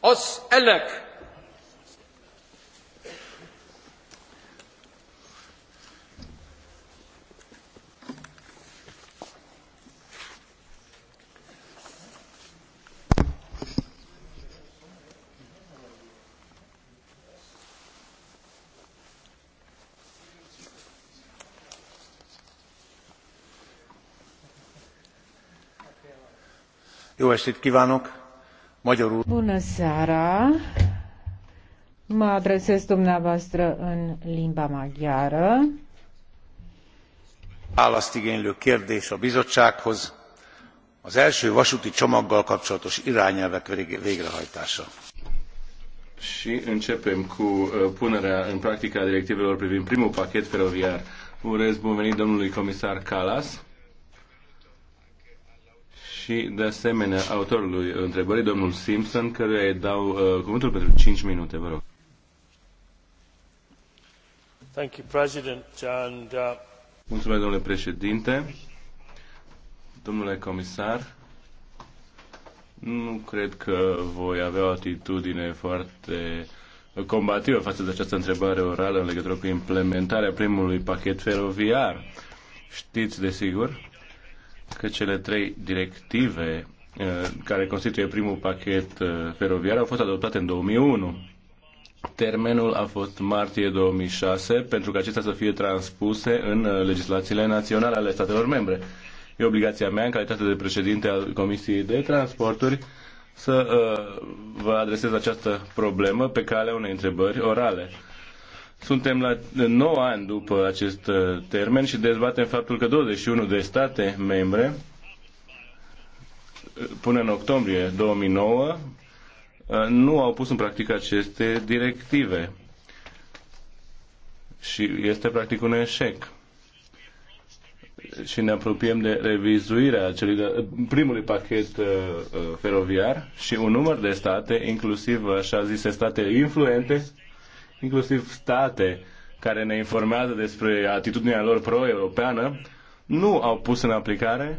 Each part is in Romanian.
az elek. Jó estét kívánok! Bună seara! Mă adresez dumneavoastră în limba maghiară. Választ igénylő kérdés a bizottsághoz. Az első vasúti csomaggal kapcsolatos irányelvek végrehajtása. Și începem cu uh, punerea în practică a directivelor privind primul pachet feroviar. Urez bun venit domnului comisar Calas și, de asemenea, autorului întrebării, domnul Simpson, căruia îi dau uh, cuvântul pentru 5 minute, vă rog. Thank you, President, and, uh... Mulțumesc, domnule președinte, domnule comisar. Nu cred că voi avea o atitudine foarte combativă față de această întrebare orală în legătură cu implementarea primului pachet feroviar. Știți, desigur, că cele trei directive uh, care constituie primul pachet uh, feroviar au fost adoptate în 2001. Termenul a fost martie 2006 pentru că acestea să fie transpuse în uh, legislațiile naționale ale statelor membre. E obligația mea, în calitate de președinte al Comisiei de Transporturi, să uh, vă adresez această problemă pe calea unei întrebări orale. Suntem la 9 ani după acest uh, termen și dezbatem faptul că 21 de state membre uh, până în octombrie 2009 uh, nu au pus în practică aceste directive. Și este practic un eșec. Și ne apropiem de revizuirea acelui de, primului pachet uh, feroviar și un număr de state, inclusiv așa zise state influente, inclusiv state care ne informează despre atitudinea lor pro-europeană, nu au pus în aplicare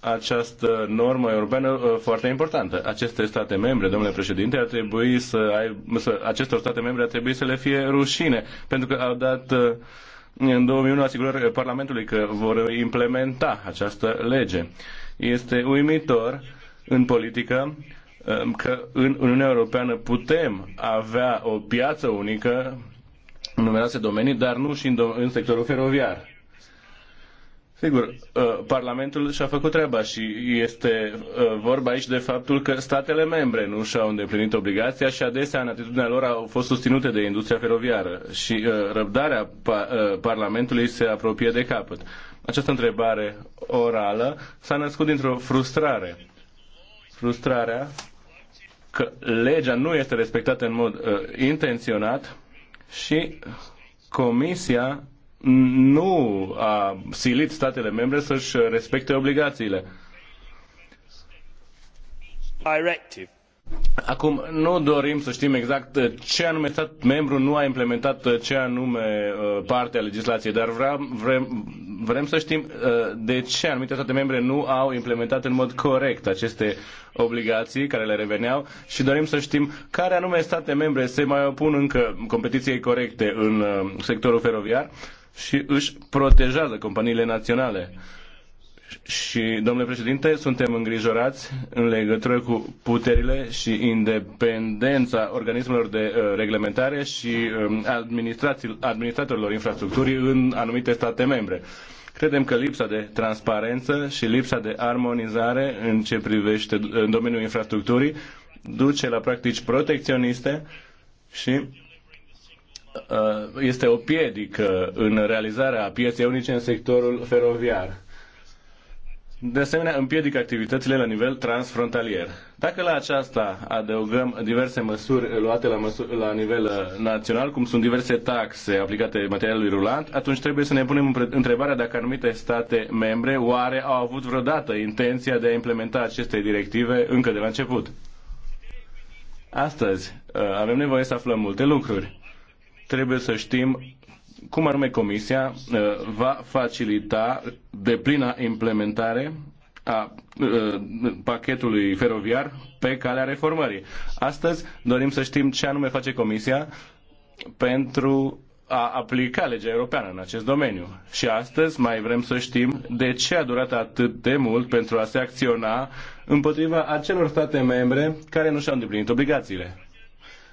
această normă europeană uh, foarte importantă. Aceste state membre, domnule președinte, ar trebui să, ai, să acestor state membre ar trebui să le fie rușine, pentru că au dat uh, în 2001 asigurări Parlamentului că vor implementa această lege. Este uimitor în politică Um, că în Uniunea Europeană putem avea o piață unică în numeroase domenii, dar nu și în, în sectorul feroviar. Sigur, uh, Parlamentul și-a făcut treaba și este uh, vorba aici de faptul că statele membre nu și-au îndeplinit obligația și adesea în atitudinea lor au fost susținute de industria feroviară și uh, răbdarea Parlamentului se apropie de capăt. Această întrebare orală s-a născut dintr-o frustrare. Frustrarea că legea nu este respectată în mod uh, intenționat și Comisia nu a silit statele membre să-și respecte obligațiile. Directive Acum, nu dorim să știm exact uh, ce anume stat membru nu a implementat uh, ce anume uh, parte a legislației, dar vrem, vrem, vrem să știm de ce anumite state membre nu au implementat în mod corect aceste obligații care le reveneau și dorim să știm care anume state membre se mai opun încă competiției corecte în sectorul feroviar și își protejează companiile naționale. Și, domnule președinte, suntem îngrijorați în legătură cu puterile și independența organismelor de uh, reglementare și um, administratorilor infrastructurii în anumite state membre. Credem că lipsa de transparență și lipsa de armonizare în ce privește uh, în domeniul infrastructurii duce la practici protecționiste și uh, este o piedică în realizarea pieței unice în sectorul feroviar de asemenea, împiedică activitățile la nivel transfrontalier. Dacă la aceasta adăugăm diverse măsuri luate la, măsuri, la nivel uh, național, cum sunt diverse taxe aplicate materialului rulant, atunci trebuie să ne punem întrebarea dacă anumite state membre oare au avut vreodată intenția de a implementa aceste directive încă de la început. Astăzi uh, avem nevoie să aflăm multe lucruri. Trebuie să știm cum anume Comisia uh, va facilita deplina implementare a uh, pachetului feroviar pe calea reformării. Astăzi dorim să știm ce anume face Comisia pentru a aplica legea europeană în acest domeniu. Și astăzi mai vrem să știm de ce a durat atât de mult pentru a se acționa împotriva acelor state membre care nu și-au îndeplinit obligațiile.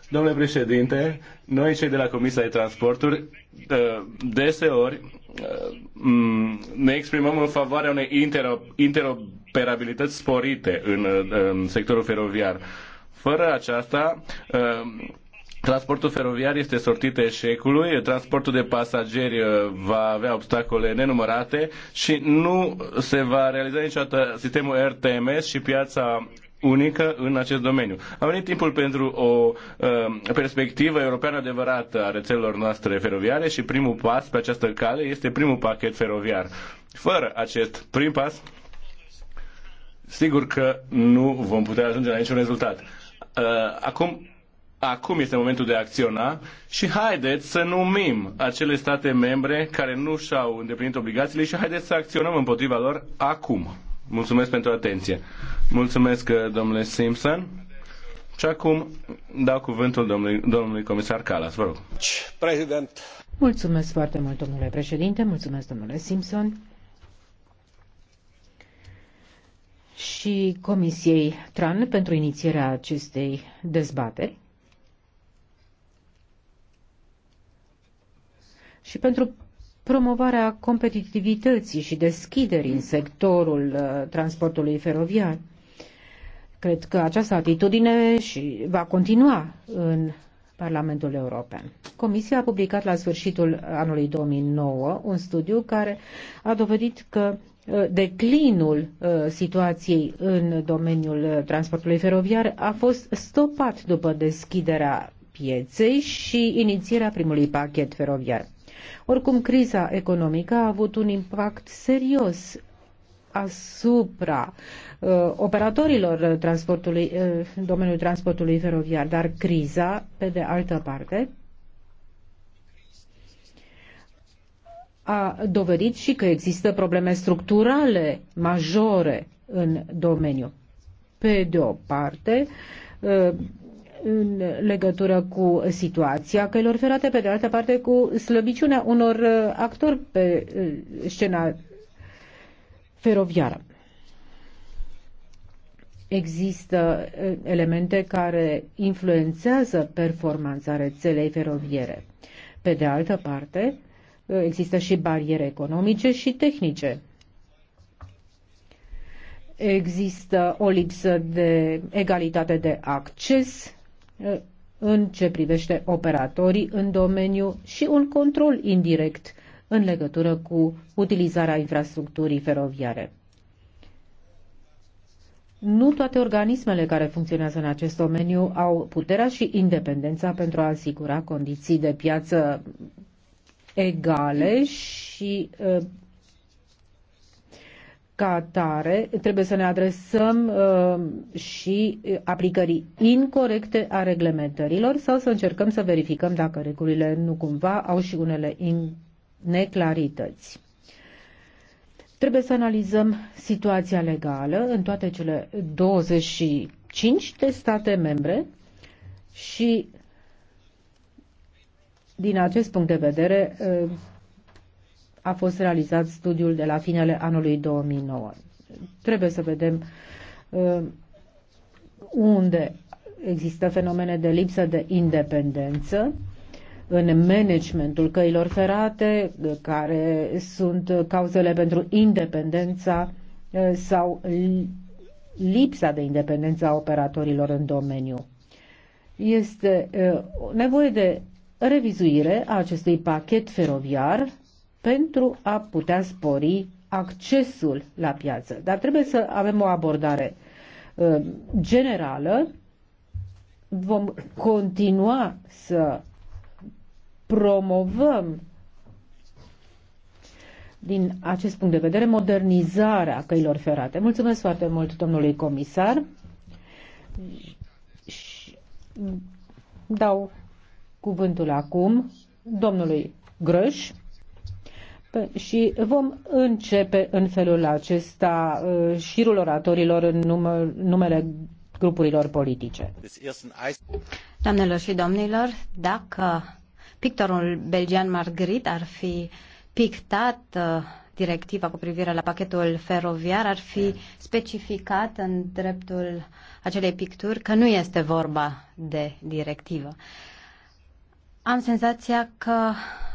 Domnule președinte, noi cei de la Comisia de Transporturi uh, deseori uh, ne exprimăm în favoarea unei interoperabilități sporite uh, în, sectorul feroviar. Fără aceasta, Transportul feroviar este sortit eșecului, transportul de pasageri va avea obstacole nenumărate și nu se va realiza niciodată sistemul RTMS și piața unică în acest domeniu. A venit timpul pentru o uh, perspectivă europeană adevărată a rețelelor noastre feroviare și primul pas pe această cale este primul pachet feroviar. Fără acest prim pas, sigur că nu vom putea ajunge la niciun rezultat. Uh, acum, acum este momentul de a acționa și haideți să numim acele state membre care nu și-au îndeplinit obligațiile și haideți să acționăm împotriva lor acum. Mulțumesc pentru atenție. Mulțumesc, uh, domnule Simpson. Și acum dau cuvântul domnului, domnului comisar Calas, vă rog. President. Mulțumesc foarte mult, domnule președinte, mulțumesc, domnule Simpson. Și Comisiei TRAN pentru inițierea acestei dezbateri. Și pentru promovarea competitivității și deschiderii în sectorul uh, transportului feroviar. Cred că această atitudine și va continua în Parlamentul European. Comisia a publicat la sfârșitul anului 2009 un studiu care a dovedit că uh, declinul uh, situației în domeniul transportului feroviar a fost stopat după deschiderea pieței și inițierea primului pachet feroviar. Oricum, criza economică a avut un impact serios asupra uh, operatorilor transportului, uh, domeniul transportului feroviar, dar criza, pe de altă parte, a dovedit și că există probleme structurale majore în domeniu. Pe de o parte, uh, în legătură cu situația căilor ferate, pe de altă parte cu slăbiciunea unor uh, actori pe uh, scena feroviară. Există uh, elemente care influențează performanța rețelei feroviere. Pe de altă parte, există și bariere economice și tehnice există o lipsă de egalitate de acces în ce privește operatorii în domeniu și un control indirect în legătură cu utilizarea infrastructurii feroviare. Nu toate organismele care funcționează în acest domeniu au puterea și independența pentru a asigura condiții de piață egale și uh, ca atare, trebuie să ne adresăm uh, și uh, aplicării incorrecte a reglementărilor sau să încercăm să verificăm dacă regulile nu cumva au și unele neclarități. Trebuie să analizăm situația legală în toate cele 25 de state membre și din acest punct de vedere uh, a fost realizat studiul de la finele anului 2009. Trebuie să vedem uh, unde există fenomene de lipsă de independență în managementul căilor ferate, care sunt cauzele pentru independența uh, sau lipsa de independență a operatorilor în domeniu. Este uh, nevoie de revizuire a acestui pachet feroviar pentru a putea spori accesul la piață. Dar trebuie să avem o abordare uh, generală. Vom continua să promovăm din acest punct de vedere modernizarea căilor ferate. Mulțumesc foarte mult domnului comisar și dau cuvântul acum domnului Grăș și vom începe în felul acesta uh, șirul oratorilor în numele grupurilor politice. Doamnelor și domnilor, dacă pictorul belgian Margrit ar fi pictat uh, directiva cu privire la pachetul feroviar, ar fi specificat în dreptul acelei picturi că nu este vorba de directivă. Am senzația că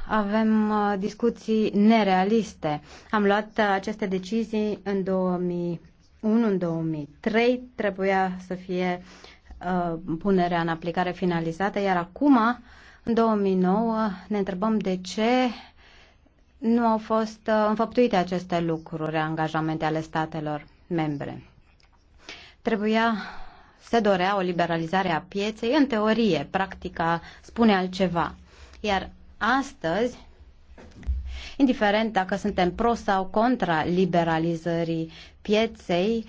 avem uh, discuții nerealiste. Am luat uh, aceste decizii în 2001, în 2003 trebuia să fie uh, punerea în aplicare finalizată, iar acum, în 2009, ne întrebăm de ce nu au fost uh, înfăptuite aceste lucruri, angajamente ale statelor membre. Trebuia se dorea o liberalizare a pieței, în teorie, practica spune altceva. Iar astăzi, indiferent dacă suntem pro sau contra liberalizării pieței,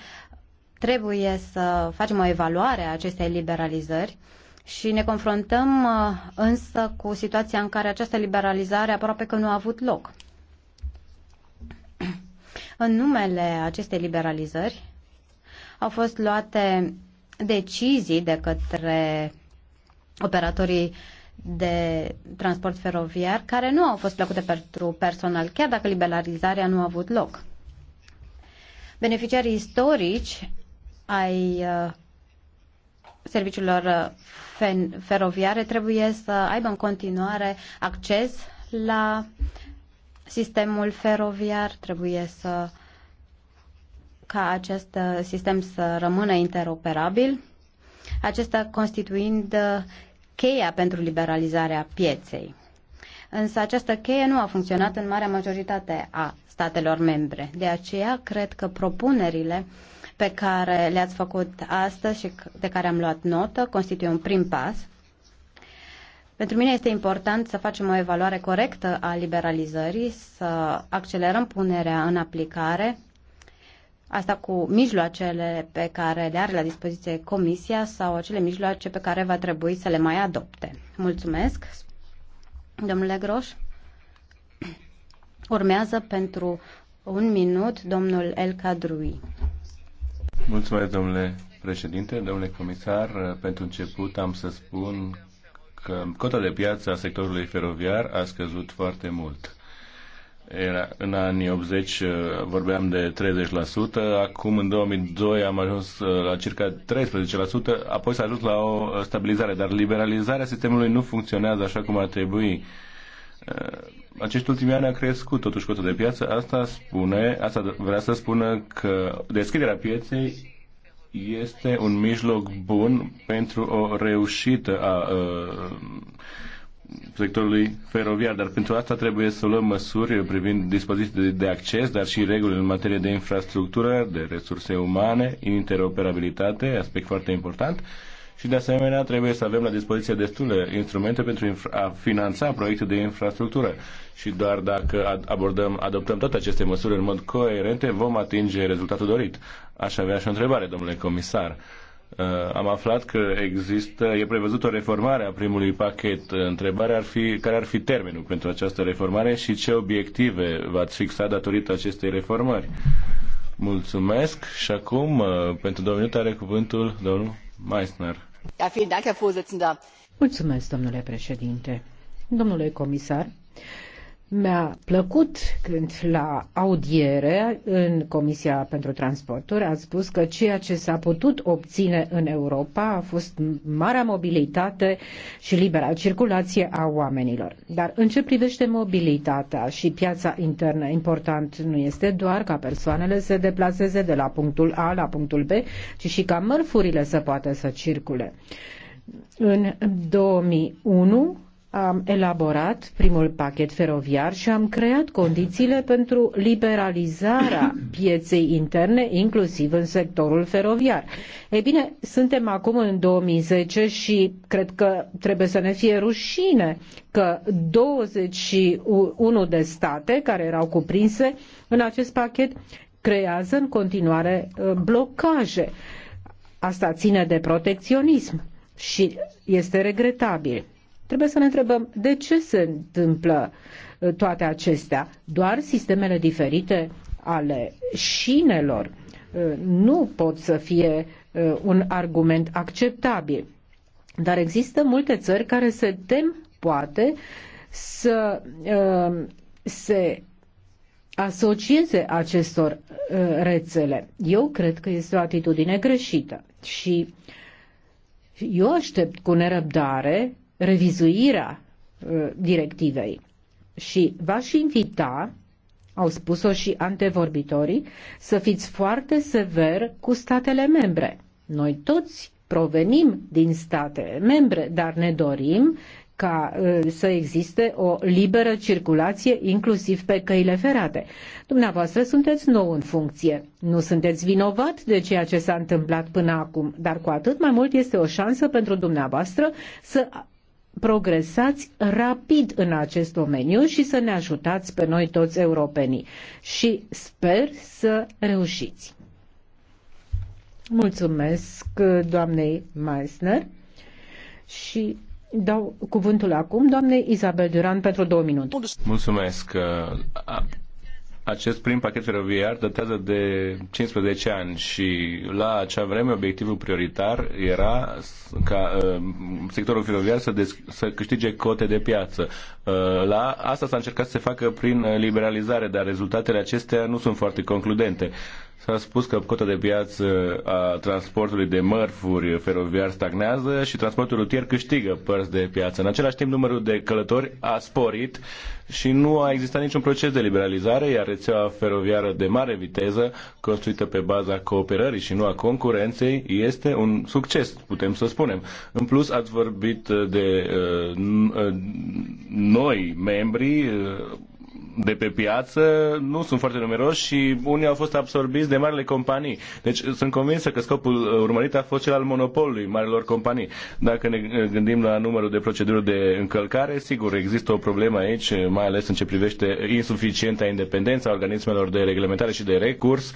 trebuie să facem o evaluare a acestei liberalizări și ne confruntăm uh, însă cu situația în care această liberalizare aproape că nu a avut loc. În numele acestei liberalizări au fost luate decizii de către operatorii de transport feroviar care nu au fost plăcute pentru personal, chiar dacă liberalizarea nu a avut loc. Beneficiarii istorici ai uh, serviciilor uh, feroviare trebuie să aibă în continuare acces la sistemul feroviar, trebuie să ca acest uh, sistem să rămână interoperabil, acesta constituind uh, cheia pentru liberalizarea pieței. Însă această cheie nu a funcționat în marea majoritate a statelor membre. De aceea, cred că propunerile pe care le-ați făcut astăzi și de care am luat notă constituie un prim pas. Pentru mine este important să facem o evaluare corectă a liberalizării, să accelerăm punerea în aplicare Asta cu mijloacele pe care le are la dispoziție Comisia sau acele mijloace pe care va trebui să le mai adopte. Mulțumesc, domnule Groș. Urmează pentru un minut domnul El Cadrui. Mulțumesc, domnule președinte, domnule comisar. Pentru început am să spun că cota de piață a sectorului feroviar a scăzut foarte mult era, în anii 80 uh, vorbeam de 30%, acum în 2002 am ajuns uh, la circa 13%, apoi s-a ajuns la o uh, stabilizare, dar liberalizarea sistemului nu funcționează așa cum ar trebui. Acești ultimi ani a crescut totuși cotul de piață, asta spune, asta vrea să spună că deschiderea pieței este un mijloc bun pentru o reușită a, a sectorului feroviar, dar pentru asta trebuie să luăm măsuri privind dispoziții de acces, dar și reguli în materie de infrastructură, de resurse umane, interoperabilitate, aspect foarte important, și de asemenea trebuie să avem la dispoziție destule instrumente pentru a finanța proiecte de infrastructură și doar dacă abordăm, adoptăm toate aceste măsuri în mod coerent, vom atinge rezultatul dorit. Aș avea și o întrebare, domnule comisar Uh, am aflat că există, e prevăzut o reformare a primului pachet. Întrebarea ar fi care ar fi termenul pentru această reformare și ce obiective v-ați fixat datorită acestei reformări. Mulțumesc și acum uh, pentru două minute are cuvântul domnul Meissner. Mulțumesc, domnule președinte. Domnule comisar, mi-a plăcut când la audiere în Comisia pentru Transporturi a spus că ceea ce s-a putut obține în Europa a fost marea mobilitate și libera circulație a oamenilor. Dar în ce privește mobilitatea și piața internă, important nu este doar ca persoanele să deplaseze de la punctul A la punctul B, ci și ca mărfurile să poată să circule. În 2001 am elaborat primul pachet feroviar și am creat condițiile pentru liberalizarea pieței interne, inclusiv în sectorul feroviar. Ei bine, suntem acum în 2010 și cred că trebuie să ne fie rușine că 21 de state care erau cuprinse în acest pachet creează în continuare uh, blocaje. Asta ține de protecționism și este regretabil. Trebuie să ne întrebăm de ce se întâmplă uh, toate acestea. Doar sistemele diferite ale șinelor uh, nu pot să fie uh, un argument acceptabil. Dar există multe țări care se tem, poate, să se asocieze acestor rețele. Eu cred că este o atitudine greșită și eu aștept cu nerăbdare revizuirea uh, directivei. Și v-aș invita, au spus-o și antevorbitorii, să fiți foarte sever cu statele membre. Noi toți provenim din state membre, dar ne dorim ca uh, să existe o liberă circulație, inclusiv pe căile ferate. Dumneavoastră sunteți nou în funcție. Nu sunteți vinovat de ceea ce s-a întâmplat până acum, dar cu atât mai mult este o șansă pentru dumneavoastră să progresați rapid în acest domeniu și să ne ajutați pe noi toți europenii. Și sper să reușiți. Mulțumesc doamnei Meissner și dau cuvântul acum doamnei Isabel Duran pentru două minute. Mulțumesc acest prim pachet feroviar datează de 15 ani și la acea vreme obiectivul prioritar era ca uh, sectorul feroviar să, să câștige cote de piață. Uh, la asta s-a încercat să se facă prin liberalizare, dar rezultatele acestea nu sunt foarte concludente. Uh, S-a spus că cota de piață a transportului de mărfuri feroviar stagnează și transportul rutier câștigă părți de piață. În același timp, numărul de călători a sporit și nu a existat niciun proces de liberalizare, iar rețeaua feroviară de mare viteză, construită pe baza cooperării și nu a concurenței, este un succes, putem să spunem. În plus, ați vorbit de uh, uh noi membri. Uh, de pe piață nu sunt foarte numeroși și unii au fost absorbiți de marile companii. Deci sunt convinsă că scopul uh, urmărit a fost cel al monopolului marilor companii. Dacă ne uh, gândim la numărul de proceduri de încălcare, sigur, există o problemă aici, mai ales în ce privește insuficienta independența organismelor de reglementare și de recurs,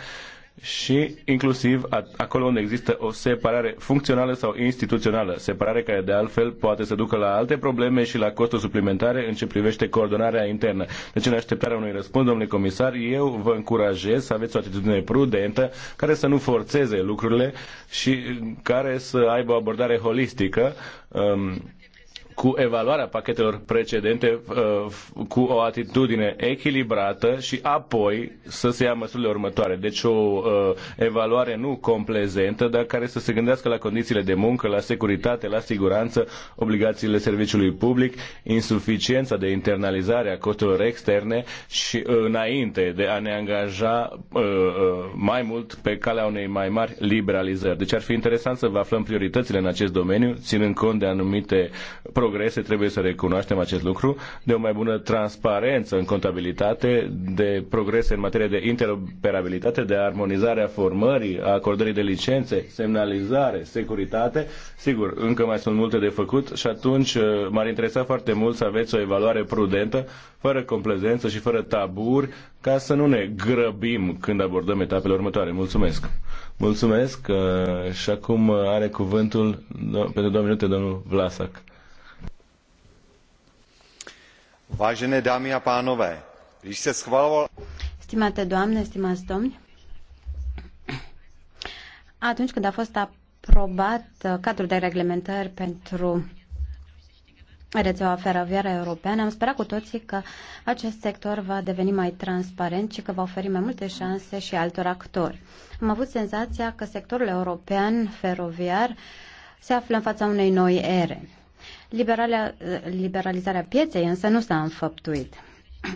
și inclusiv acolo unde există o separare funcțională sau instituțională, separare care de altfel poate să ducă la alte probleme și la costuri suplimentare în ce privește coordonarea internă. Deci în așteptarea unui răspuns, domnule comisar, eu vă încurajez să aveți o atitudine prudentă care să nu forțeze lucrurile și care să aibă o abordare holistică um, cu evaluarea pachetelor precedente uh, cu o atitudine echilibrată și apoi să se ia măsurile următoare. Deci o uh, evaluare nu complezentă, dar care să se gândească la condițiile de muncă, la securitate, la siguranță, obligațiile serviciului public, insuficiența de internalizare a costurilor externe și uh, înainte de a ne angaja mai mult pe calea unei mai mari liberalizări. Deci ar fi interesant să vă aflăm prioritățile în acest domeniu, ținând cont de anumite programe progrese, trebuie să recunoaștem acest lucru, de o mai bună transparență în contabilitate, de progrese în materie de interoperabilitate, de armonizare a formării, a acordării de licențe, semnalizare, securitate. Sigur, încă mai sunt multe de făcut și atunci uh, m-ar interesa foarte mult să aveți o evaluare prudentă, fără complezență și fără taburi, ca să nu ne grăbim când abordăm etapele următoare. Mulțumesc! Mulțumesc uh, și acum are cuvântul pentru două minute domnul Vlasac. Vážené dámy a pánové, když se schvaloval... Stimate doamne, stimați domni, atunci când a fost aprobat uh, cadrul de reglementări pentru rețeaua feroviară europeană, am sperat cu toții că acest sector va deveni mai transparent și că va oferi mai multe șanse și altor actori. Am avut senzația că sectorul european feroviar se află în fața unei noi ere. Liberalizarea pieței însă nu s-a înfăptuit.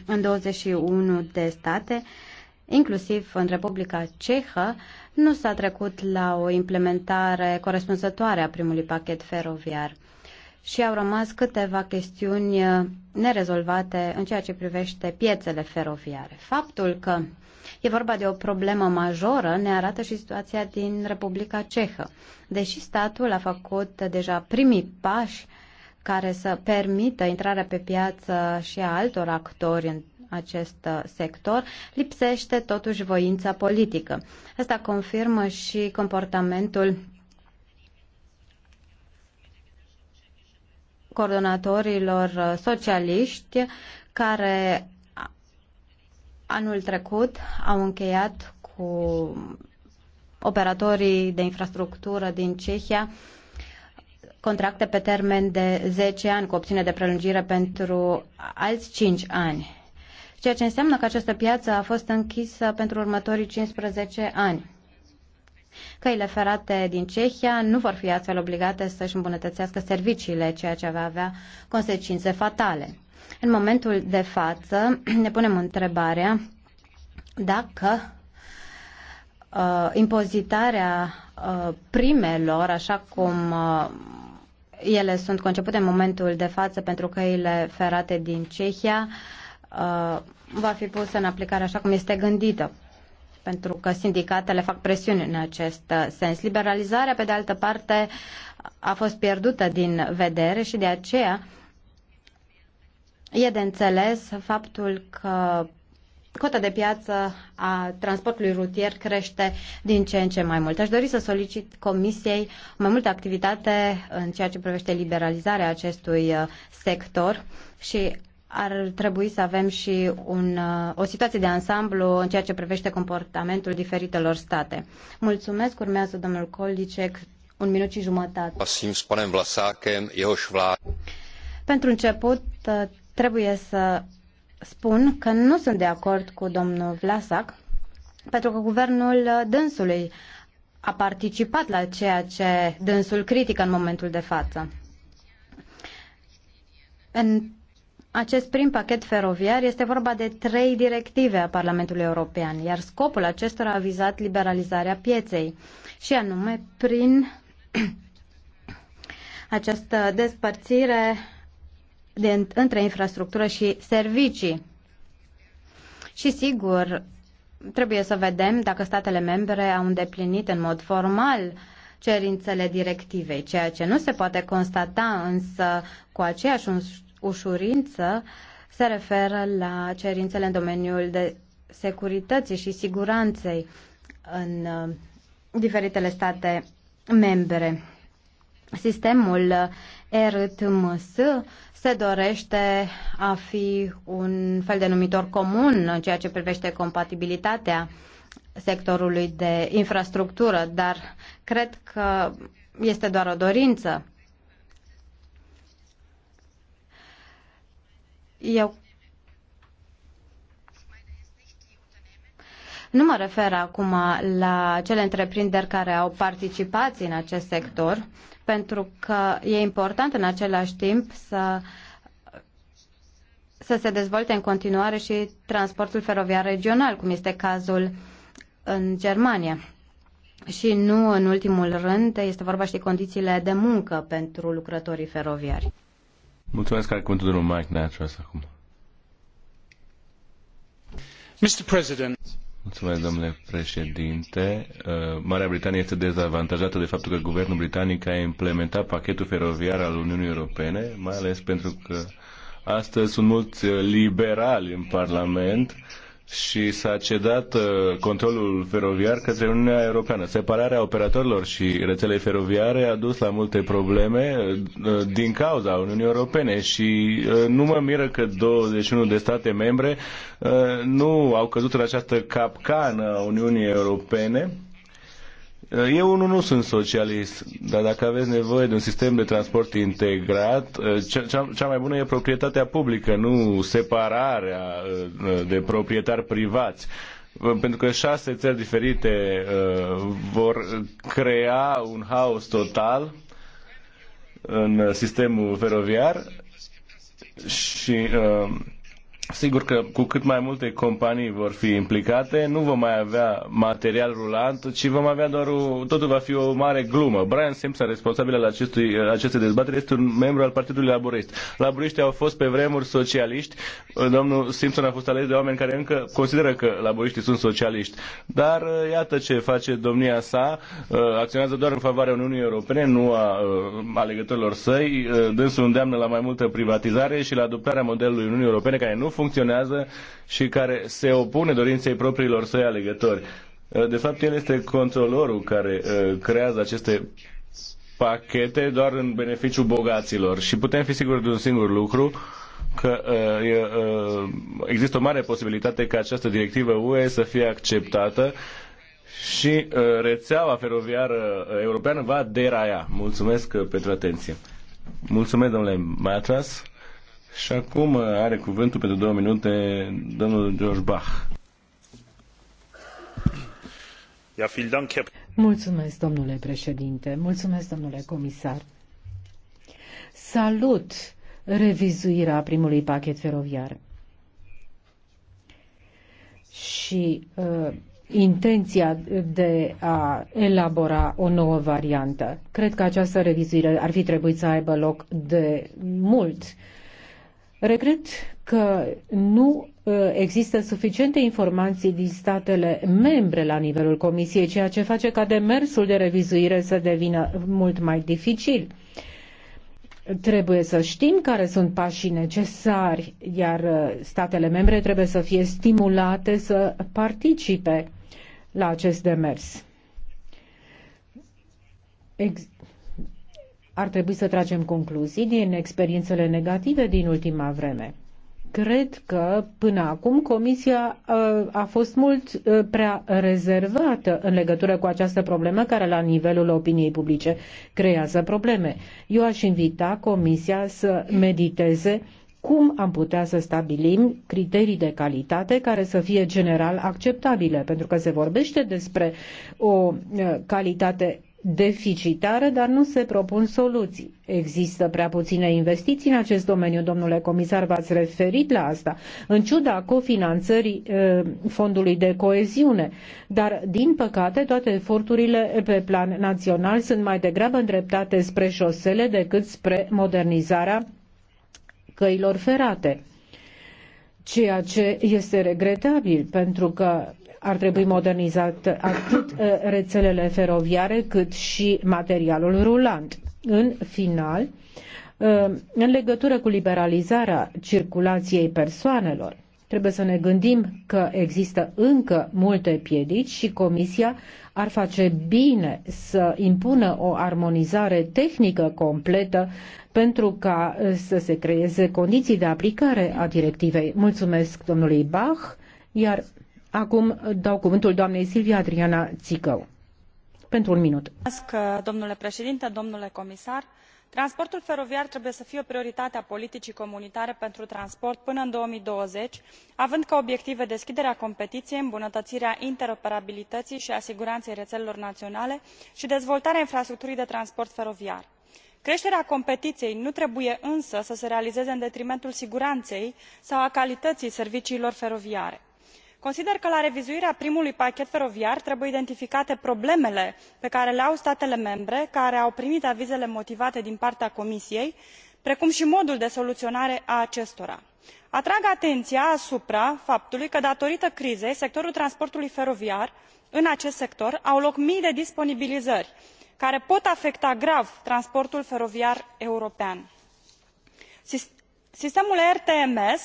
În 21 de state, inclusiv în Republica Cehă, nu s-a trecut la o implementare corespunzătoare a primului pachet feroviar și au rămas câteva chestiuni nerezolvate în ceea ce privește piețele feroviare. Faptul că e vorba de o problemă majoră ne arată și situația din Republica Cehă. Deși statul a făcut deja primii pași care să permită intrarea pe piață și a altor actori în acest uh, sector, lipsește totuși voința politică. Asta confirmă și comportamentul coordonatorilor uh, socialiști care anul trecut au încheiat cu operatorii de infrastructură din Cehia contracte pe termen de 10 ani cu opțiune de prelungire pentru alți 5 ani, ceea ce înseamnă că această piață a fost închisă pentru următorii 15 ani. Căile ferate din Cehia nu vor fi astfel obligate să-și îmbunătățească serviciile, ceea ce va avea consecințe fatale. În momentul de față ne punem întrebarea dacă uh, impozitarea uh, primelor, așa cum uh, ele sunt concepute în momentul de față pentru căile ferate din Cehia, uh, va fi pusă în aplicare așa cum este gândită pentru că sindicatele fac presiuni în acest uh, sens. Liberalizarea, pe de altă parte, a fost pierdută din vedere și de aceea e de înțeles faptul că cota de piață a transportului rutier crește din ce în ce mai mult. Aș dori să solicit Comisiei mai multă activitate în ceea ce privește liberalizarea acestui uh, sector și ar trebui să avem și un, uh, o situație de ansamblu în ceea ce privește comportamentul diferitelor state. Mulțumesc, urmează domnul Koldicek un minut și jumătate. Pasim s panem Pentru început, uh, trebuie să spun că nu sunt de acord cu domnul Vlasac, pentru că guvernul dânsului a participat la ceea ce dânsul critică în momentul de față. În acest prim pachet feroviar este vorba de trei directive a Parlamentului European, iar scopul acestora a vizat liberalizarea pieței, și anume prin această despărțire de, între infrastructură și servicii. Și sigur, trebuie să vedem dacă statele membre au îndeplinit în mod formal cerințele directivei, ceea ce nu se poate constata însă cu aceeași ușurință se referă la cerințele în domeniul de securității și siguranței în uh, diferitele state membre. Sistemul RTMS se dorește a fi un fel de numitor comun în ceea ce privește compatibilitatea sectorului de infrastructură, dar cred că este doar o dorință. Eu nu mă refer acum la cele întreprinderi care au participații în acest sector, pentru că e important în același timp să să se dezvolte în continuare și transportul feroviar regional, cum este cazul în Germania. Și nu în ultimul rând, este vorba și de condițiile de muncă pentru lucrătorii feroviari. Mulțumesc, are cuvântul domnul Mike Natras acum. Mr. President, Mulțumesc, domnule președinte. Uh, Marea Britanie este dezavantajată de faptul că guvernul britanic a implementat pachetul feroviar al Uniunii Europene, mai ales pentru că astăzi sunt mulți uh, liberali în Parlament și s-a cedat uh, controlul feroviar către Uniunea Europeană. Separarea operatorilor și rețelei feroviare a dus la multe probleme uh, din cauza Uniunii Europene și uh, nu mă miră că 21 de state membre nu au căzut în această capcană a Uniunii Europene Eh, eu unul nu sunt socialist, dar dacă aveți nevoie de un sistem de transport integrat, eh, cea, cea mai bună e proprietatea publică, nu separarea eh, de proprietari privați pentru că șase țări diferite vor crea un haos total în sistemul feroviar și Sigur că cu cât mai multe companii vor fi implicate, nu vom mai avea material rulant, ci vom avea doar o, totul va fi o mare glumă. Brian Simpson, responsabil al acestui, acestei dezbateri, este un membru al Partidului Laborist. Laburiștii au fost pe vremuri socialiști. Domnul Simpson a fost ales de oameni care încă consideră că laboriștii sunt socialiști. Dar uh, iată ce face domnia sa, uh, acționează doar în favoarea Uniunii Europene, nu a uh, alegătorilor săi. Dânsul îndeamnă la mai multă privatizare și la adoptarea modelului Uniunii Europene care nu funcționează funcționează și care se opune dorinței propriilor săi alegători. Uh, de fapt, el este controlorul care uh, creează aceste pachete doar în beneficiul bogaților și putem fi siguri de un singur lucru, că uh, uh, există o mare posibilitate ca această directivă UE să fie acceptată și uh, rețeaua feroviară europeană va deraia. Mulțumesc pentru atenție. Mulțumesc, domnule Matras. Și acum uh, are cuvântul pentru două minute domnul George Bach. Mulțumesc, domnule președinte. Mulțumesc, domnule comisar. Salut revizuirea primului pachet feroviar. Și uh, intenția de a elabora o nouă variantă. Cred că această revizuire ar fi trebuit să aibă loc de mult. Uh, Regret că nu uh, există suficiente informații din statele membre la nivelul Comisiei, ceea ce face ca demersul de revizuire să devină mult mai dificil. Trebuie să știm care sunt pașii necesari, iar uh, statele membre trebuie să fie stimulate să participe la acest demers. Ex- ar trebui să tragem concluzii din experiențele negative din ultima vreme. Cred că până acum Comisia uh, a fost mult uh, prea rezervată în legătură cu această problemă care la nivelul opiniei publice creează probleme. Eu aș invita Comisia să mediteze cum am putea să stabilim criterii de calitate care să fie general acceptabile, pentru că se vorbește despre o uh, calitate deficitară, dar nu se propun soluții. Există prea puține investiții în acest domeniu, domnule comisar, v-ați referit la asta, în ciuda cofinanțării eh, fondului de coeziune. Dar, din păcate, toate eforturile pe plan național sunt mai degrabă îndreptate spre șosele decât spre modernizarea căilor ferate. Ceea ce este regretabil, pentru că ar trebui modernizat atât uh, rețelele feroviare cât și materialul rulant. În final, uh, în legătură cu liberalizarea circulației persoanelor, trebuie să ne gândim că există încă multe piedici și Comisia ar face bine să impună o armonizare tehnică completă pentru ca uh, să se creeze condiții de aplicare a directivei. Mulțumesc domnului Bach, iar Acum dau cuvântul doamnei Silvia Adriana Țicău. Pentru un minut. Mulțumesc, domnule președinte, domnule comisar. Transportul feroviar trebuie să fie o prioritate a politicii comunitare pentru transport până în 2020, având ca obiective deschiderea competiției, îmbunătățirea interoperabilității și a siguranței rețelelor naționale și dezvoltarea infrastructurii de transport feroviar Creșterea competiției nu trebuie însă să se realizeze în detrimentul siguranței sau a calității serviciilor feroviare consider că la revizuirea primului pachet feroviar trebuie identificate problemele pe care le au statele membre care au primit avizele motivate din partea comisiei precum i modul de soluionare a acestora. atrag atenia asupra faptului că datorită crizei sectorul transportului feroviar în acest sector au loc mii de disponibilizări care pot afecta grav transportul feroviar european. sistemul rtms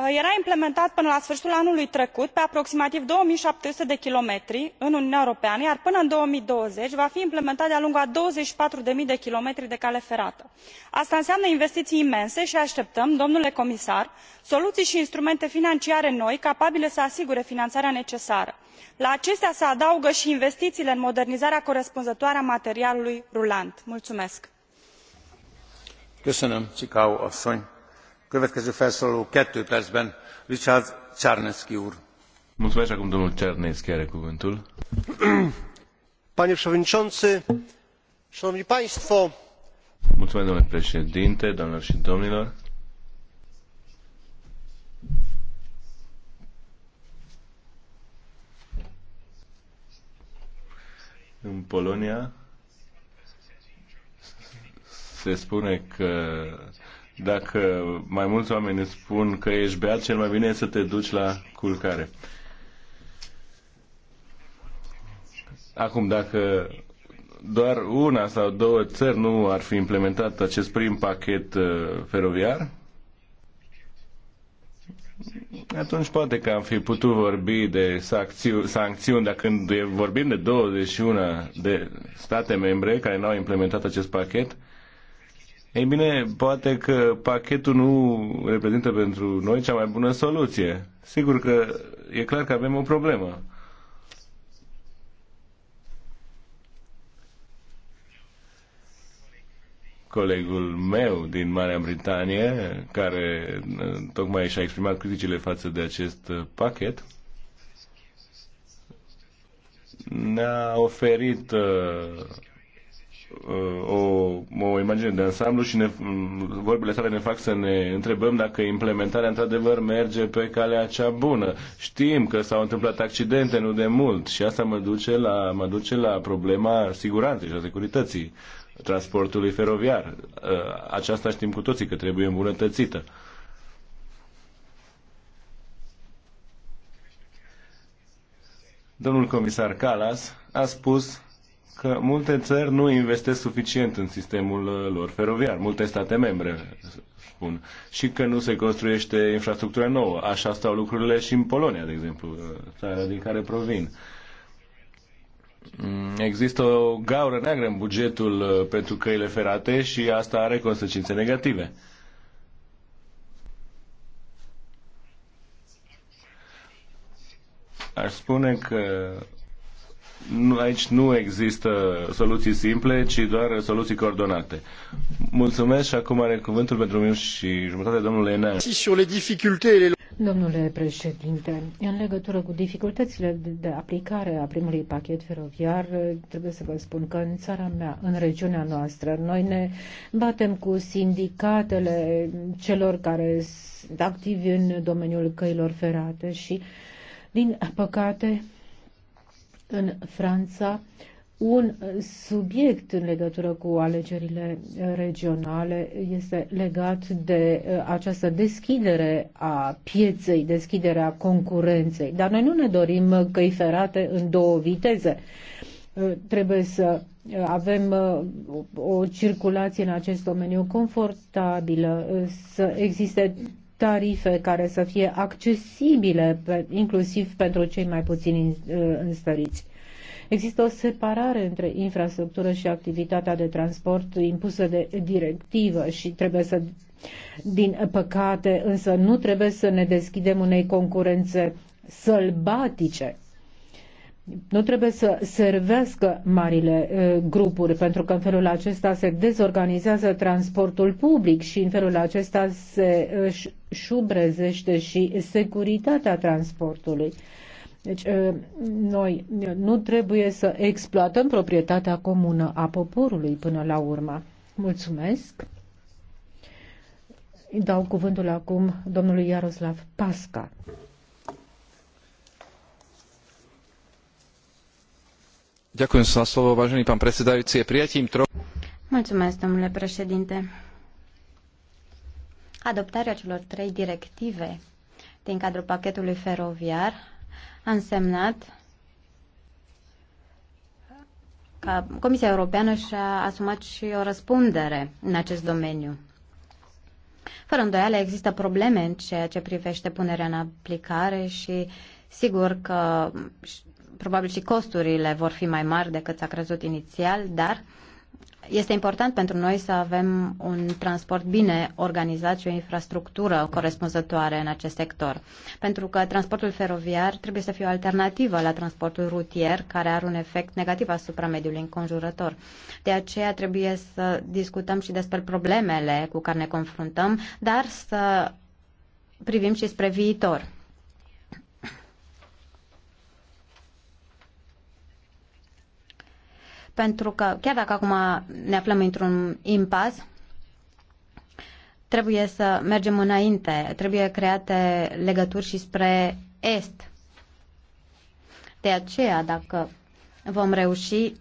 Uh, era implementat până la sfâritul anului trecut pe aproximativ doi șapte sute de kilometri în uniunea europeană iar până în două mii douăzeci va fi implementat de a lungul a douăzeci și patru zero de kilometri de cale ferată. aceasta înseamnă investiii imense i ateptăm domnule comisar soluii i instrumente financiare noi capabile să asigure finanarea necesară. la acestea se adaugă i investiiile în modernizarea corespunzătoare a materialului rulant. Következő felszólaló kettő percben Richard Mulțumesc acum domnul Czarnecki are cuvântul. Panie președinte, șanomni państwo. Mulțumesc domnule președinte, în Polonia se spune că dacă mai mulți oameni îți spun că ești beat, cel mai bine e să te duci la culcare. Acum, dacă doar una sau două țări nu ar fi implementat acest prim pachet uh, feroviar, atunci poate că am fi putut vorbi de sancțiuni, sancțiuni dar când vorbim de 21 de state membre care nu au implementat acest pachet, ei bine, poate că pachetul nu reprezintă pentru noi cea mai bună soluție. Sigur că e clar că avem o problemă. colegul meu din Marea Britanie, care uh, tocmai și-a exprimat criticile față de acest uh, pachet, ne-a oferit uh, o, o imagine de ansamblu și ne, vorbile sale ne fac să ne întrebăm dacă implementarea într-adevăr merge pe calea cea bună. Știm că s-au întâmplat accidente nu de mult și asta mă duce la, mă duce la problema siguranței și a securității transportului feroviar. Ă, aceasta știm cu toții că trebuie îmbunătățită. Domnul comisar Calas a spus că multe țări nu investesc suficient în sistemul uh, lor feroviar, multe state membre spun, și că nu se construiește infrastructura nouă. Așa stau lucrurile și în Polonia, de exemplu, uh, țara din care provin. Mm, există o gaură neagră în bugetul uh, pentru căile ferate și asta are consecințe negative. Aș spune că nu, aici nu există soluții simple, ci doar soluții coordonate. Mulțumesc și acum are cuvântul pentru mine și jumătate domnule Enan. Domnule președinte, în legătură cu dificultățile de aplicare a primului pachet feroviar, trebuie să vă spun că în țara mea, în regiunea noastră, noi ne batem cu sindicatele celor care sunt activi în domeniul căilor ferate și, din păcate, în Franța un subiect în legătură cu alegerile regionale este legat de uh, această deschidere a pieței, deschiderea concurenței. Dar noi nu ne dorim căi ferate în două viteze. Uh, trebuie să uh, avem o circulație în acest domeniu confortabilă, să existe tarife care să fie accesibile pe, inclusiv pentru cei mai puțini uh, înstăriți. Există o separare între infrastructură și activitatea de transport impusă de directivă și trebuie să, din păcate, însă nu trebuie să ne deschidem unei concurențe sălbatice nu trebuie să servească marile uh, grupuri, pentru că în felul acesta se dezorganizează transportul public și în felul acesta se șubrezește și securitatea transportului. Deci, uh, noi nu trebuie să exploatăm proprietatea comună a poporului până la urmă. Mulțumesc. Dau cuvântul acum domnului Iaroslav Pasca. Ďakujem za slovo, vážený pán predsedajúci. Prijatím troch... Mulțumesc, domnule președinte. Adoptarea celor trei directive din cadrul pachetului feroviar a însemnat ca Comisia Europeană și-a asumat și o răspundere în acest domeniu. Fără îndoială există probleme în ceea ce privește punerea în aplicare și sigur că probabil și costurile vor fi mai mari decât s-a crezut inițial, dar este important pentru noi să avem un transport bine organizat și o infrastructură corespunzătoare în acest sector. Pentru că transportul feroviar trebuie să fie o alternativă la transportul rutier, care are un efect negativ asupra mediului înconjurător. De aceea trebuie să discutăm și despre problemele cu care ne confruntăm, dar să privim și spre viitor. pentru că chiar dacă acum ne aflăm într-un impas, trebuie să mergem înainte, trebuie create legături și spre est. De aceea, dacă vom reuși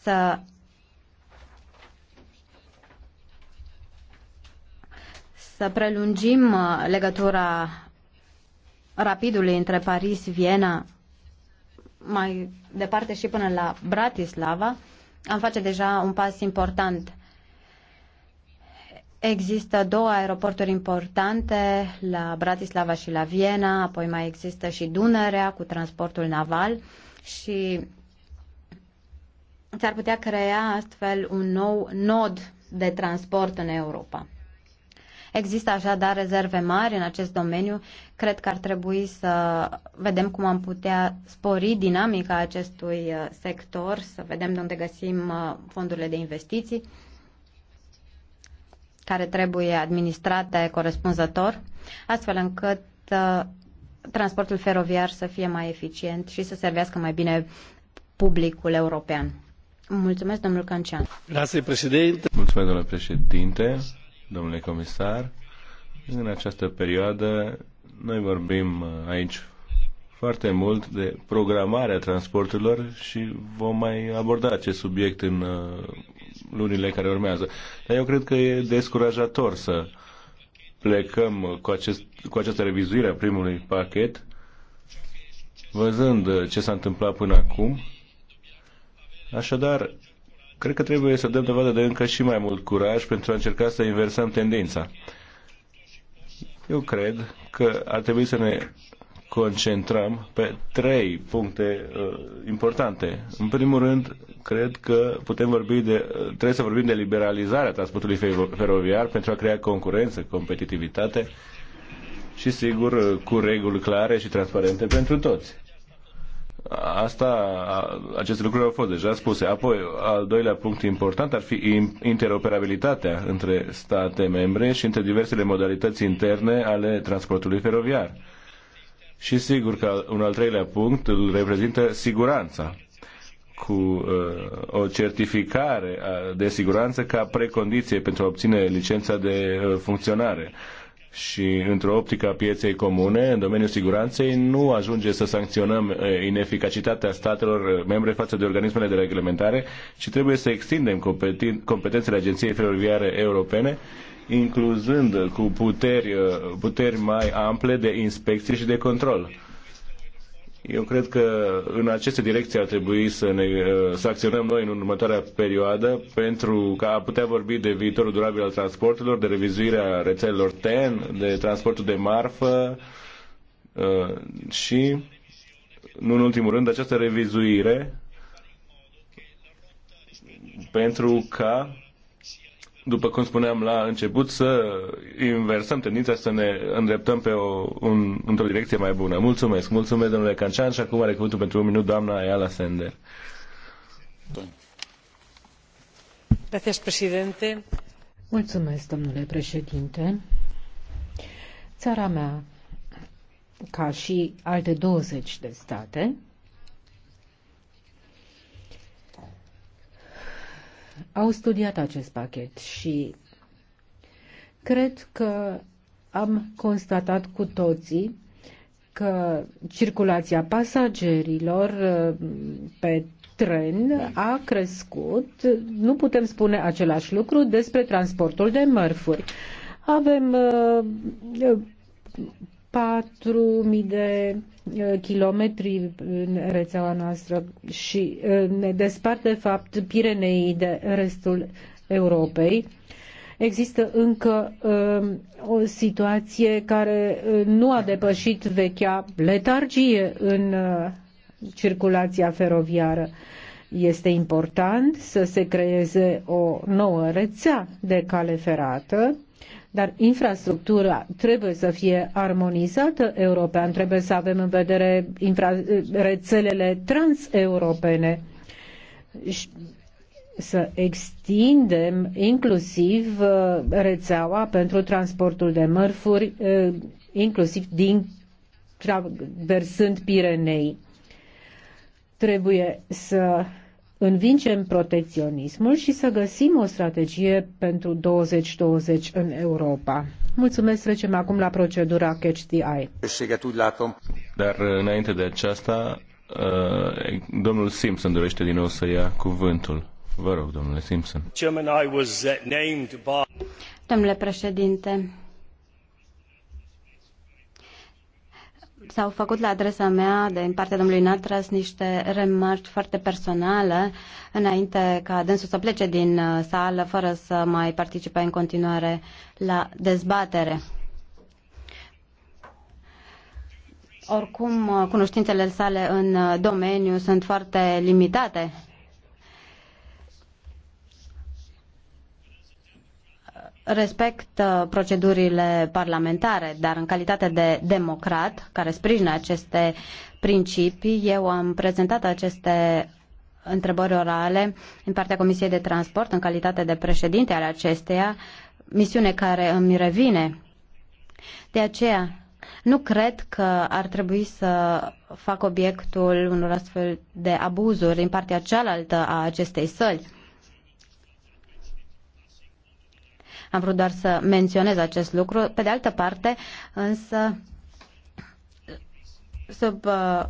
să să prelungim uh, legătura rapidului între Paris, Viena mai departe și până la Bratislava, am face deja un pas important. Există două aeroporturi importante, la Bratislava și la Viena, apoi mai există și Dunărea cu transportul naval și s-ar putea crea astfel un nou nod de transport în Europa. Există așadar rezerve mari în acest domeniu. Cred că ar trebui să vedem cum am putea spori dinamica acestui uh, sector, să vedem de unde găsim uh, fondurile de investiții care trebuie administrate corespunzător, astfel încât uh, transportul feroviar să fie mai eficient și să servească mai bine publicul european. Mulțumesc, domnul Cancian. Mulțumesc, domnule președinte domnule comisar. În această perioadă noi vorbim aici foarte mult de programarea transporturilor și vom mai aborda acest subiect în uh, lunile care urmează. Dar eu cred că e descurajator să plecăm cu, acest, cu această revizuire a primului pachet, văzând ce s-a întâmplat până acum. Așadar, Cred că trebuie să dăm dovadă de încă și mai mult curaj pentru a încerca să inversăm tendința. Eu cred că ar trebui să ne concentrăm pe trei puncte uh, importante. În primul rând, cred că putem vorbi de, uh, trebuie să vorbim de liberalizarea transportului feroviar pentru a crea concurență, competitivitate și, sigur, uh, cu reguli clare și transparente pentru toți. Asta, aceste lucruri au fost deja spuse. Apoi, al doilea punct important ar fi interoperabilitatea între state membre și între diversele modalități interne ale transportului feroviar. Și sigur că un al treilea punct îl reprezintă siguranța cu uh, o certificare uh, de siguranță ca precondiție pentru a obține licența de uh, funcționare. Uh, și într-o optică a pieței comune, în domeniul siguranței, nu ajunge să sancționăm ineficacitatea statelor membre față de organismele de reglementare, ci trebuie să extindem competențele Agenției Feroviare Europene, incluzând cu puteri, puteri mai ample de inspecție și de control eu cred că în aceste direcții ar trebui să, ne, uh, să acționăm noi în următoarea perioadă pentru ca a putea vorbi de viitorul durabil al transporturilor, de revizuirea rețelelor TEN, de transportul de marfă uh, și, nu în ultimul rând, această revizuire pentru ca după cum spuneam la început, să inversăm tendința, să ne îndreptăm pe o, un, într-o direcție mai bună. Mulțumesc, mulțumesc domnule Cancian și acum are cuvântul pentru un minut doamna Ayala Sender. Gracias, Mulțumesc, domnule președinte. Țara mea, ca și alte 20 de state, au studiat acest pachet și cred că am constatat cu toții că circulația pasagerilor uh, pe tren a crescut. Nu putem spune același lucru despre transportul de mărfuri. Avem uh, 4.000 de kilometri în rețeaua noastră și ne despart, de fapt, Pireneii de restul Europei. Există încă o situație care nu a depășit vechea letargie în circulația feroviară. Este important să se creeze o nouă rețea de cale ferată dar infrastructura trebuie să fie armonizată european, trebuie să avem în vedere infra- rețelele transeuropene să extindem inclusiv uh, rețeaua pentru transportul de mărfuri, uh, inclusiv din traversând Pirenei. Trebuie să învingem protecționismul și să găsim o strategie pentru 2020 în Europa. Mulțumesc, trecem acum la procedura Catch the Eye. Dar uh, înainte de aceasta, uh, domnul Simpson dorește din nou să ia cuvântul. Vă rog, domnule Simpson. Domnule președinte, s-au făcut la adresa mea de în partea domnului Natras niște remarci foarte personale înainte ca dânsul să plece din uh, sală fără să mai participe în continuare la dezbatere. Oricum, uh, cunoștințele sale în uh, domeniu sunt foarte limitate respect procedurile parlamentare, dar în calitate de democrat care sprijină aceste principii, eu am prezentat aceste întrebări orale în partea Comisiei de Transport în calitate de președinte al acesteia, misiune care îmi revine. De aceea, nu cred că ar trebui să fac obiectul unor astfel de abuzuri din partea cealaltă a acestei săli. Am vrut doar să menționez acest lucru. Pe de altă parte, însă, sub uh,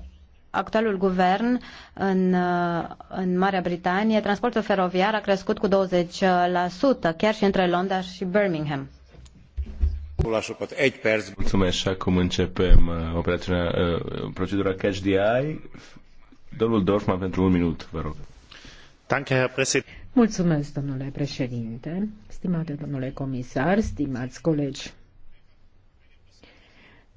actualul guvern în, uh, în Marea Britanie, transportul feroviar a crescut cu 20%, chiar și între Londra și Birmingham. Mulțumesc acum începem uh, operațiunea, uh, procedura Catch the Eye. Domnul Dorfman pentru un minut, vă rog. Danke, Herr Präsident. Mulțumesc, domnule președinte, stimate domnule comisar, stimați colegi.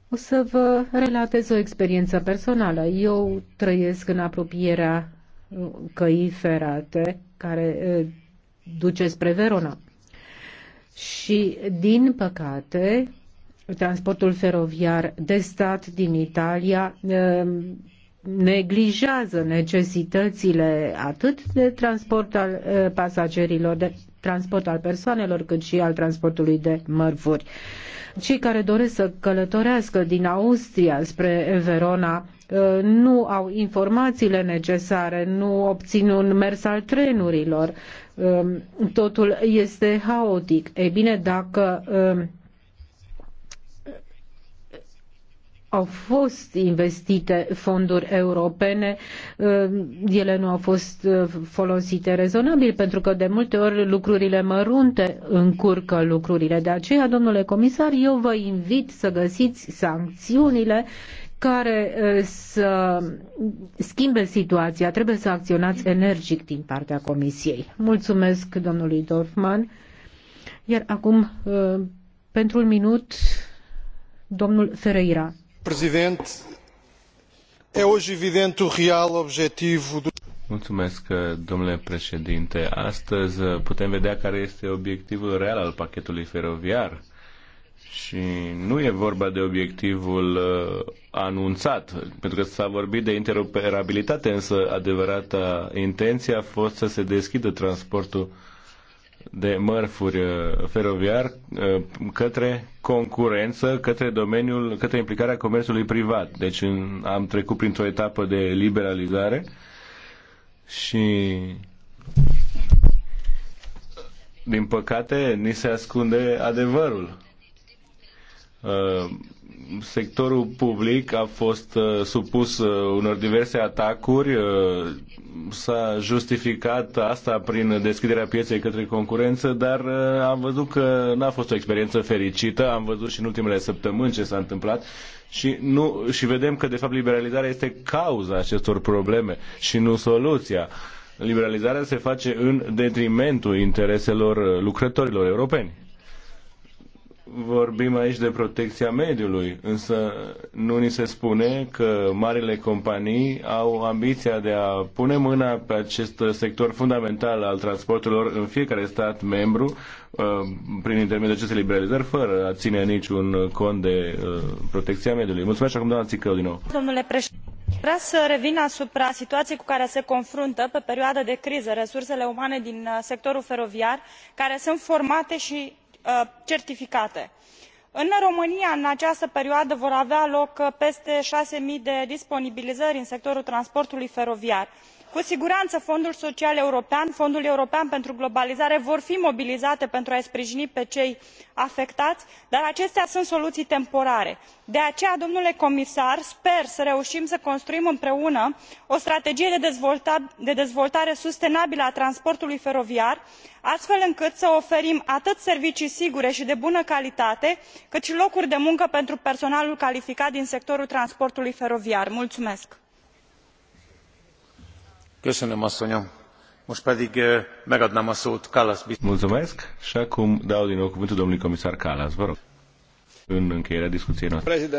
O să vă relatez o experiență personală. Eu trăiesc în apropierea uh, căii ferate care uh, duce spre Verona. Și, din păcate, transportul feroviar de stat din Italia uh, neglijează necesitățile atât de transport al eh, pasagerilor, de transport al persoanelor, cât și al transportului de mărfuri. Cei care doresc să călătorească din Austria spre Verona eh, nu au informațiile necesare, nu obțin un mers al trenurilor, eh, totul este haotic. Ei bine, dacă au fost investite fonduri europene, uh, ele nu au fost uh, folosite rezonabil, pentru că de multe ori lucrurile mărunte încurcă lucrurile. De aceea, domnule comisar, eu vă invit să găsiți sancțiunile care uh, să schimbe situația. Trebuie să acționați energic din partea Comisiei. Mulțumesc domnului Dorfman. Iar acum, pentru un minut, domnul Ferreira. Mulțumesc, domnule președinte. Astăzi uh, putem vedea care este obiectivul real al pachetului feroviar. Și nu e vorba de obiectivul uh, anunțat, pentru că s-a vorbit de interoperabilitate, însă adevărata intenție a fost să se deschidă transportul de mărfuri uh, feroviar uh, către concurență, către domeniul, către implicarea comerțului privat. Deci am trecut printr-o etapă de liberalizare și din păcate ni se ascunde adevărul uh, sectorul public a fost uh, supus uh, unor diverse atacuri, uh, s-a justificat asta prin deschiderea pieței către concurență, dar am văzut că n-a fost o experiență fericită, am văzut și în ultimele săptămâni ce s-a întâmplat și, nu, și vedem că de fapt liberalizarea este cauza acestor probleme și nu soluția. Liberalizarea se face în detrimentul intereselor lucrătorilor europeni vorbim aici de protecția mediului, însă nu ni se spune că marile companii au ambiția de a pune mâna pe acest sector fundamental al transporturilor în fiecare stat membru uh, prin intermediul acestei liberalizări, fără a ține niciun cont de uh, protecția mediului. Mulțumesc și acum doamna Țicău din nou. Domnule președinte, Vreau să revin asupra situației cu care se confruntă pe perioada de criză resursele umane din uh, sectorul feroviar, care sunt formate și Uh, certificate. în românia în această perioadă vor avea loc uh, peste șase zero de disponibilizări în sectorul transportului feroviar cu sigurană fondul social european fondul european pentru globalizare vor fi mobilizate pentru a i sprijini pe cei afectai dar acestea sunt soluii temporare de aceea domnule comisar sper să reuim să construim împreună o strategie de dezvoltare sustenabilă a transportului feroviar astfel încât să oferim atât servicii sigure i de bună calitate cât i locuri de muncă pentru personalul calificat din sectorul transportului feroviar. mulumesc. Mulțumesc și acum dau din nou cuvântul domnului comisar Kallas. în încheierea discuției noastre.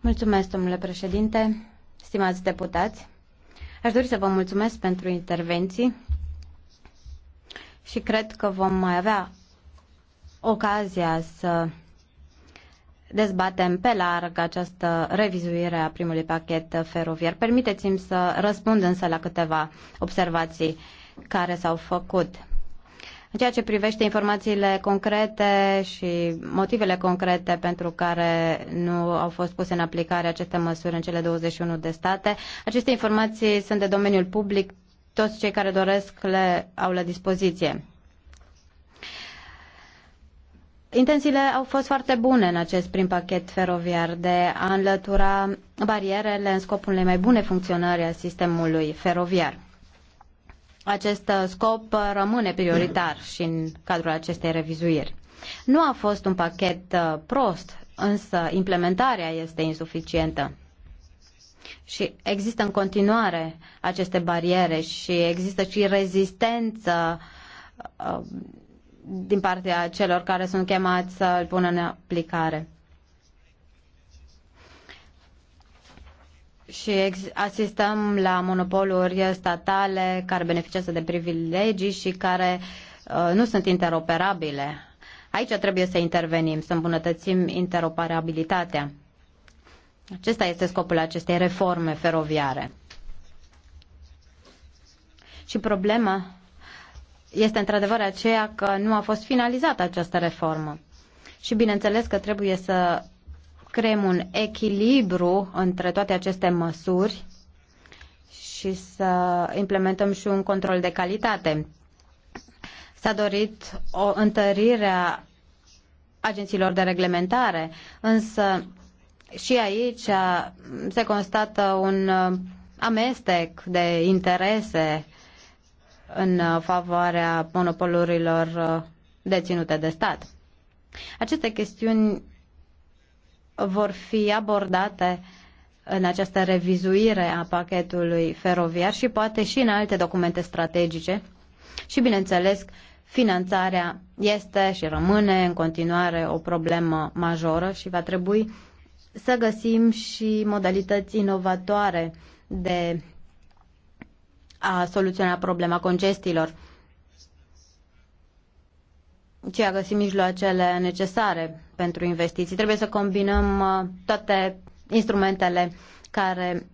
Mulțumesc, domnule președinte, deputați. Aș dori să vă mulțumesc pentru intervenții și cred că vom mai avea ocazia să dezbatem pe larg această revizuire a primului pachet feroviar. Permiteți-mi să răspund însă la câteva observații care s-au făcut. În ceea ce privește informațiile concrete și motivele concrete pentru care nu au fost puse în aplicare aceste măsuri în cele 21 de state, aceste informații sunt de domeniul public, toți cei care doresc le au la dispoziție. Intențiile au fost foarte bune în acest prim pachet feroviar de a înlătura barierele în scopul unei mai bune funcționări a sistemului feroviar. Acest uh, scop uh, rămâne prioritar și în cadrul acestei revizuiri. Nu a fost un pachet uh, prost, însă implementarea este insuficientă. Și există în continuare aceste bariere și există și rezistență din partea celor care sunt chemați să îl pună în aplicare. Și asistăm la monopoluri statale care beneficiază de privilegii și care uh, nu sunt interoperabile. Aici trebuie să intervenim, să îmbunătățim interoperabilitatea. Acesta este scopul acestei reforme feroviare. Și problema este într-adevăr aceea că nu a fost finalizată această reformă. Și bineînțeles că trebuie să creăm un echilibru între toate aceste măsuri și să implementăm și un control de calitate. S-a dorit o întărire a agențiilor de reglementare, însă și aici se constată un amestec de interese în favoarea monopolurilor uh, deținute de stat. Aceste chestiuni vor fi abordate în această revizuire a pachetului feroviar și poate și în alte documente strategice. Și, bineînțeles, finanțarea este și rămâne în continuare o problemă majoră și va trebui să găsim și modalități inovatoare de a soluționa problema congestiilor, ci a găsi mijloacele necesare pentru investiții. Trebuie să combinăm uh, toate instrumentele care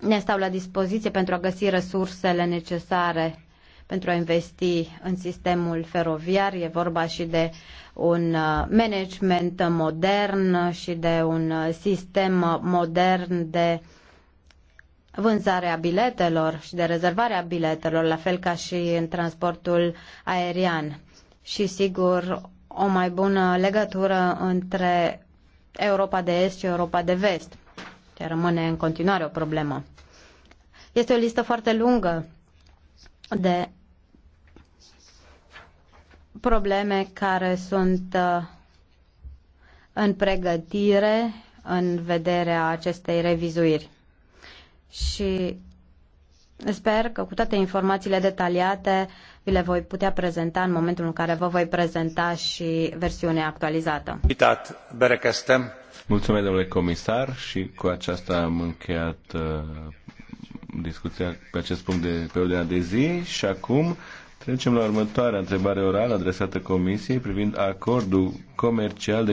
ne stau la dispoziție pentru a găsi resursele necesare pentru a investi în sistemul feroviar. E vorba și de un uh, management modern și de un uh, sistem modern de vânzarea biletelor și de rezervarea biletelor, la fel ca și în transportul aerian. Și, sigur, o mai bună legătură între Europa de Est și Europa de Vest, ce rămâne în continuare o problemă. Este o listă foarte lungă de probleme care sunt uh, în pregătire în vederea acestei revizuiri și sper că cu toate informațiile detaliate vi le voi putea prezenta în momentul în care vă voi prezenta și versiunea actualizată. Mulțumesc, domnule comisar, și cu aceasta am încheiat uh, discuția pe acest punct de pe ordinea de zi și acum trecem la următoarea întrebare orală adresată Comisiei privind acordul comercial de